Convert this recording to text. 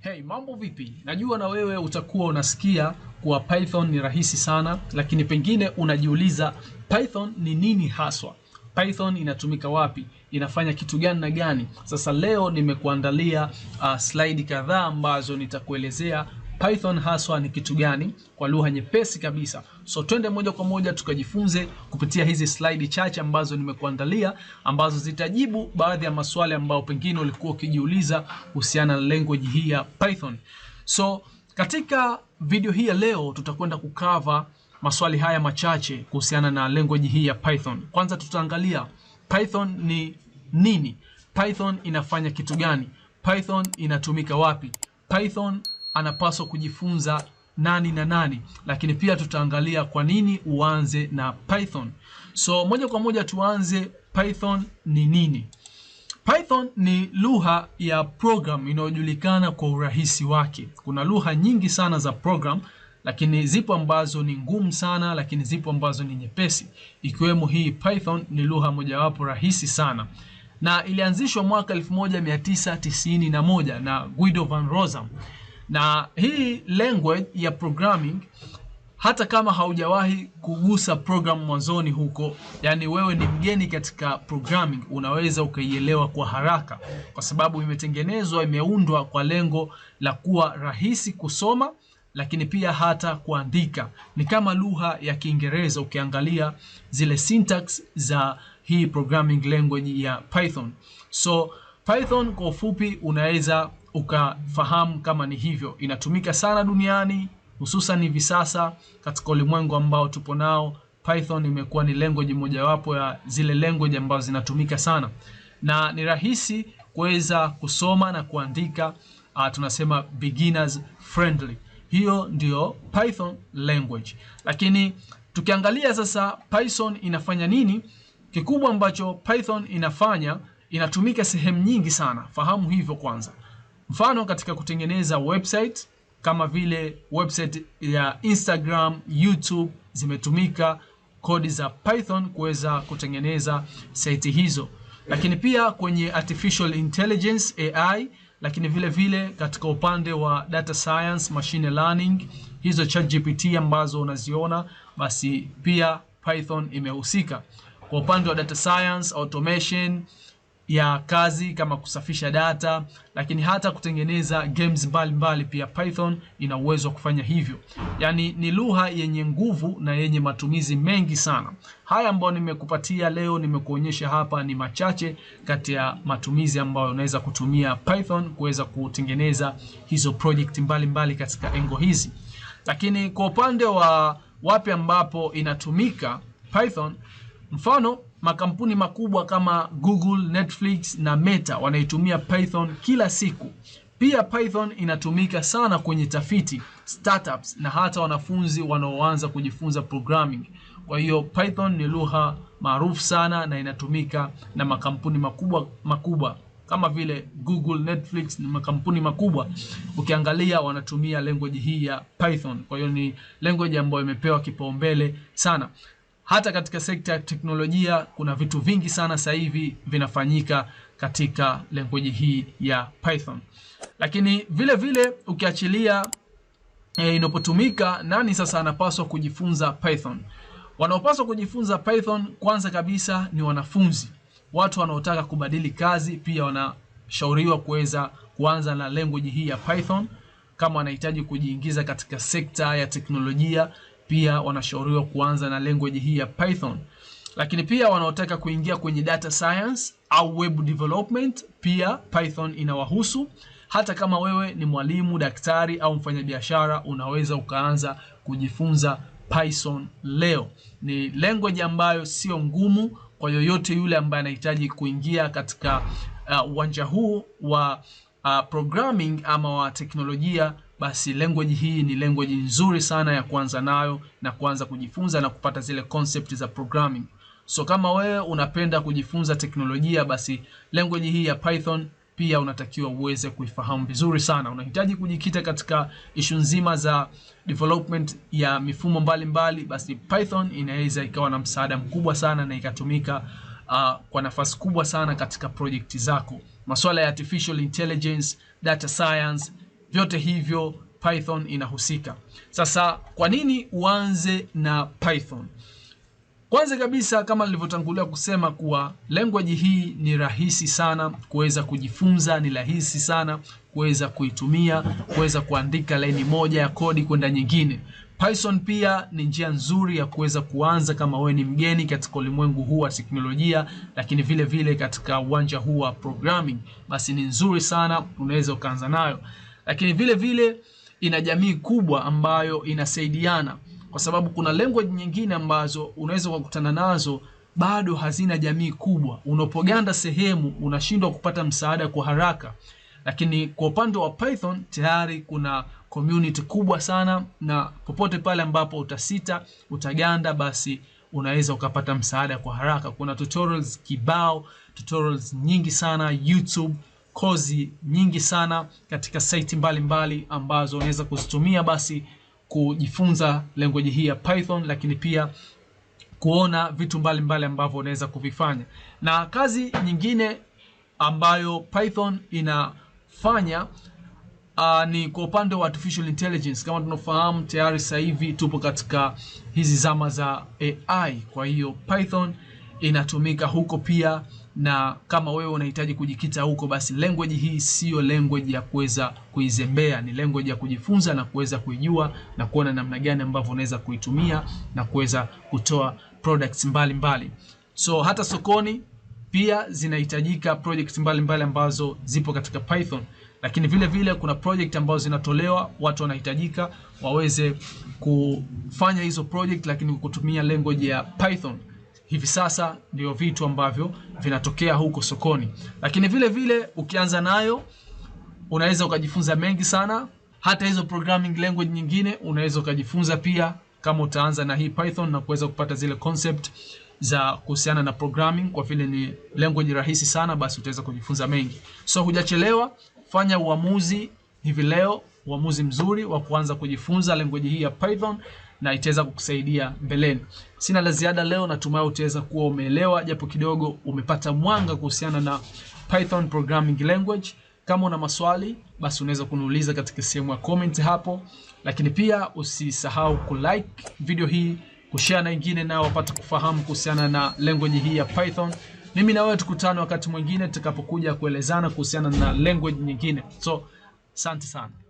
Hey, mambo vipi? Najua na wewe utakuwa unasikia kuwa Python ni rahisi sana, lakini pengine unajiuliza Python ni nini haswa? Python inatumika wapi? Inafanya kitu gani na gani? Sasa leo nimekuandalia uh, slide kadhaa ambazo nitakuelezea Python haswa ni kitu gani kwa lugha nyepesi kabisa. So twende moja kwa moja tukajifunze kupitia hizi slide chache ambazo nimekuandalia ambazo zitajibu baadhi ya maswali ambayo pengine ulikuwa ukijiuliza kuhusiana na language hii ya Python. So katika video hii ya leo tutakwenda kukava maswali haya machache kuhusiana na language hii ya Python. Kwanza tutaangalia Python ni nini? Python inafanya kitu gani? Python inatumika wapi? Python anapaswa kujifunza nani na nani, lakini pia tutaangalia kwa nini uanze na Python. So moja kwa moja tuanze, Python ni nini? Python ni lugha ya program inayojulikana kwa urahisi wake. Kuna lugha nyingi sana za program, lakini zipo ambazo ni ngumu sana, lakini zipo ambazo ni nyepesi, ikiwemo hii Python ni lugha mojawapo rahisi sana na ilianzishwa mwaka 1991 na Guido van Rossum. Na hii language ya programming hata kama haujawahi kugusa program mwanzoni huko, yani wewe ni mgeni katika programming, unaweza ukaielewa kwa haraka, kwa sababu imetengenezwa, imeundwa kwa lengo la kuwa rahisi kusoma, lakini pia hata kuandika. Ni kama lugha ya Kiingereza ukiangalia zile syntax za hii programming language ya Python so Python kwa ufupi unaweza ukafahamu kama ni hivyo, inatumika sana duniani hususan hivi sasa katika ulimwengu ambao tupo nao. Python imekuwa ni language mojawapo ya zile language ambazo zinatumika sana na ni rahisi kuweza kusoma na kuandika. Uh, tunasema beginners friendly. Hiyo ndio Python language, lakini tukiangalia sasa Python inafanya nini, kikubwa ambacho Python inafanya inatumika sehemu nyingi sana. Fahamu hivyo kwanza. Mfano katika kutengeneza website kama vile website ya Instagram, YouTube zimetumika kodi za Python kuweza kutengeneza site hizo, lakini pia kwenye artificial intelligence AI, lakini vile vile katika upande wa data science, machine learning, hizo ChatGPT ambazo unaziona, basi pia Python imehusika kwa upande wa data science, automation ya kazi kama kusafisha data, lakini hata kutengeneza games mbalimbali. Pia Python ina uwezo wa kufanya hivyo, yaani ni lugha yenye nguvu na yenye matumizi mengi sana. Haya ambayo nimekupatia leo, nimekuonyesha hapa, ni machache kati ya matumizi ambayo unaweza kutumia Python kuweza kutengeneza hizo project mbalimbali katika engo hizi, lakini kwa upande wa wapi ambapo inatumika Python, mfano makampuni makubwa kama Google, Netflix na Meta wanaitumia Python kila siku. Pia Python inatumika sana kwenye tafiti, startups na hata wanafunzi wanaoanza kujifunza programming. Kwa hiyo Python ni lugha maarufu sana na inatumika na makampuni makubwa makubwa kama vile Google, Netflix ni makampuni makubwa. Ukiangalia wanatumia language hii ya Python. Kwa hiyo ni language ambayo imepewa kipaumbele sana hata katika sekta ya teknolojia kuna vitu vingi sana sasa hivi vinafanyika katika language hii ya Python. Lakini vile vile ukiachilia e, inapotumika, nani sasa anapaswa kujifunza Python? Wanaopaswa kujifunza Python kwanza kabisa ni wanafunzi, watu wanaotaka kubadili kazi, pia wanashauriwa kuweza kuanza na language hii ya Python kama wanahitaji kujiingiza katika sekta ya teknolojia pia wanashauriwa kuanza na language hii ya Python. Lakini pia wanaotaka kuingia kwenye data science au web development, pia Python inawahusu. Hata kama wewe ni mwalimu, daktari au mfanyabiashara, unaweza ukaanza kujifunza Python leo. Ni language ambayo sio ngumu kwa yoyote yule ambaye anahitaji kuingia katika uh, uwanja uh, huu wa uh, programming ama wa teknolojia basi language hii ni language nzuri sana ya kuanza nayo na kuanza kujifunza na kupata zile concept za programming. So kama wewe unapenda kujifunza teknolojia, basi language hii ya Python pia unatakiwa uweze kuifahamu vizuri sana. Unahitaji kujikita katika ishu nzima za development ya mifumo mbalimbali mbali, basi Python inaweza ikawa na msaada mkubwa sana na ikatumika uh, kwa nafasi kubwa sana katika project zako, masuala ya artificial intelligence, data science vyote hivyo Python inahusika. Sasa kwa nini uanze na Python? Kwanza kabisa kama nilivyotangulia kusema kuwa language hii ni rahisi sana kuweza kujifunza, ni rahisi sana kuweza kuitumia, kuweza kuandika laini moja ya kodi kwenda nyingine. Python pia ni njia nzuri ya kuweza kuanza kama wewe ni mgeni katika ulimwengu huu wa teknolojia, lakini vile vile katika uwanja huu wa programming, basi ni nzuri sana, unaweza ukaanza nayo lakini vile vile ina jamii kubwa ambayo inasaidiana, kwa sababu kuna language nyingine ambazo unaweza kukutana nazo bado hazina jamii kubwa. Unapoganda sehemu unashindwa kupata msaada kwa haraka, lakini kwa upande wa Python tayari kuna community kubwa sana, na popote pale ambapo utasita utaganda, basi unaweza ukapata msaada kwa haraka. Kuna tutorials kibao, tutorials nyingi sana YouTube kozi nyingi sana katika saiti mbalimbali mbali ambazo unaweza kuzitumia basi kujifunza language hii ya Python, lakini pia kuona vitu mbalimbali mbali ambavyo unaweza kuvifanya. Na kazi nyingine ambayo Python inafanya uh, ni kwa upande wa artificial intelligence. Kama tunafahamu tayari sasa hivi tupo katika hizi zama za AI, kwa hiyo Python inatumika huko pia, na kama wewe unahitaji kujikita huko, basi language hii siyo language ya kuweza kuizembea, ni language ya kujifunza na kuweza kuijua na kuona namna gani ambavyo unaweza kuitumia na kuweza kutoa products mbalimbali mbali. So hata sokoni pia zinahitajika project mbalimbali ambazo zipo katika Python, lakini vile vile kuna project ambazo zinatolewa, watu wanahitajika waweze kufanya hizo project, lakini kutumia language ya Python hivi sasa ndio vitu ambavyo vinatokea huko sokoni, lakini vile vile ukianza nayo unaweza ukajifunza mengi sana. Hata hizo programming language nyingine unaweza ukajifunza pia, kama utaanza na hii Python na kuweza kupata zile concept za kuhusiana na programming, kwa vile ni language rahisi sana, basi utaweza kujifunza mengi. So hujachelewa, fanya uamuzi hivi leo, uamuzi mzuri wa kuanza kujifunza language hii ya Python na itaweza kukusaidia mbeleni. Sina la ziada leo, natumai utaweza kuwa umeelewa japo kidogo, umepata mwanga kuhusiana na Python programming language. Kama una maswali basi unaweza kuniuliza katika sehemu ya comment hapo, lakini pia usisahau kulike video hii, kushare na wengine nao wapate kufahamu kuhusiana na language hii ya Python. Mimi na wewe tukutane wakati mwingine tutakapokuja kuelezana kuhusiana na language nyingine. So asante sana.